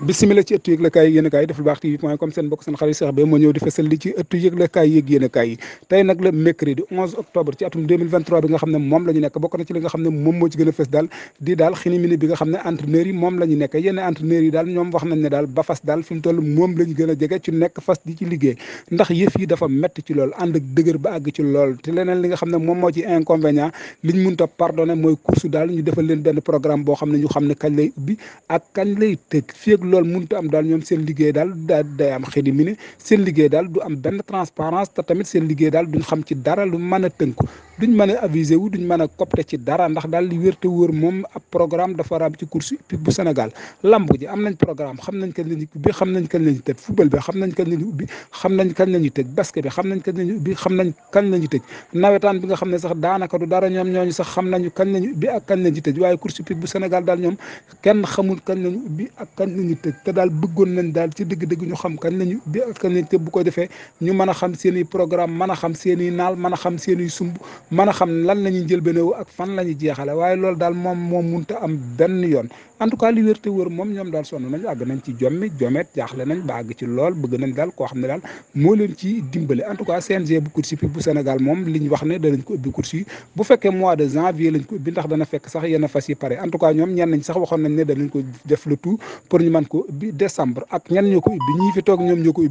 bisimila ci ëttu yëglekaay yi yéenekaay yi def lu baax tv point comme seen bokk seen xarit Cheikh Beye moo ñëw di fesal li ci ëttu yëglekaay yi ak yéenekaay yi tey nag le mercredi 11 octobre ci atum 2023 bi nga xam ne moom la ñu nekk bokk na ci li nga xam ne moom moo ci gën a fes daal di daal xini mini bi nga xam ne entraîneurs yi moom la ñu nekk yenn entraîneurs yi daal ñoom wax nañ ne daal ba fas daal fi mu toll moom la ñu gën a jege ci nekk fas di ci liggéey ndax yëf yi dafa metti ci lool ànd ak dëgër ba àgg ci lool te leneen li nga xam ne moom moo ci inconvénient liñ mënta pardonné mooy course daal ñu defal leen benn programme boo xam ne ñu xam ne kañ lay ubbi ak kañ lay tëj loolu mënut am daal ñoom seen liggéey daal da day am xel mi seen liggéey daal du am benn transparence te tamit seen liggéey daal duñ xam ci dara lu mën a tënku duñ mën a aviser wu duñ mën a coppite ci dara ndax daal li wér te wóor moom ab programme dafa raam ci course hippique bu Sénégal lamb am nañ programme xam nañ kañ la ñuy xam nañ kañ la ñuy tëj xam nañ kañ la ñuy ubbi xam nañ kañ la ñuy xam nañ kañ la ñuy ubbi xam nañ kañ la nawetaan bi nga xam ne sax daanaka du dara ñoom ñooñu sax xam nañu kañ la ñuy ubbi ak kañ la ñuy tëj waaye course hippique bu Sénégal daal ñoom kenn xamul kañ la ñuy ubbi ak kañ la ñuy tëj te daal bëggoon nañ daal ci dëgg-dëgg ñu xam kañ la ñuy ubbi kañ la ñuy tëj bu ko defee ñu mën a xam seen i programme mën a xam seen i naal mën a xam seeni sumb mëna xam lan lañuy jël bénéw ak fan lañuy jéxalé waye lool dal mom moom munta am ben yoon en tout cas li wér te wër moom ñoom daal sonn nañu àgg nañ ci jommi jomet jaaxle nañ ba lool bëgg nañ daal koo xam ne daal moo leen ci dimbale en tout CNG bu course hippique bu Sénégal moom li ñu wax ne danañ ko ubbi course yi bu fekkee mois de janvier lañ ko ubbi ndax dana fekk sax yenn fas yi pare en tout cas ñoom ñenn ñi sax waxoon nañ ne danañ ko def le tout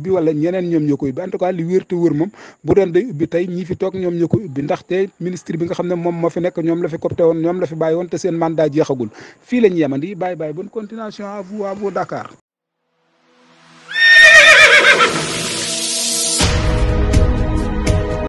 wala ñeneen ñoom ñoo ko ubbi en tout cas li wér te wër moom bu doon day ubbi tey ñii fi toog ñoo ko ubbi ndaxte ministre bi nga xam ne moom moo nekk ñoom la fi copté woon ñoom la fi bàyyi woon te seen mandat jeexagul fii lañ yemandi bye bye bonne continuation à vous à vous Dakar.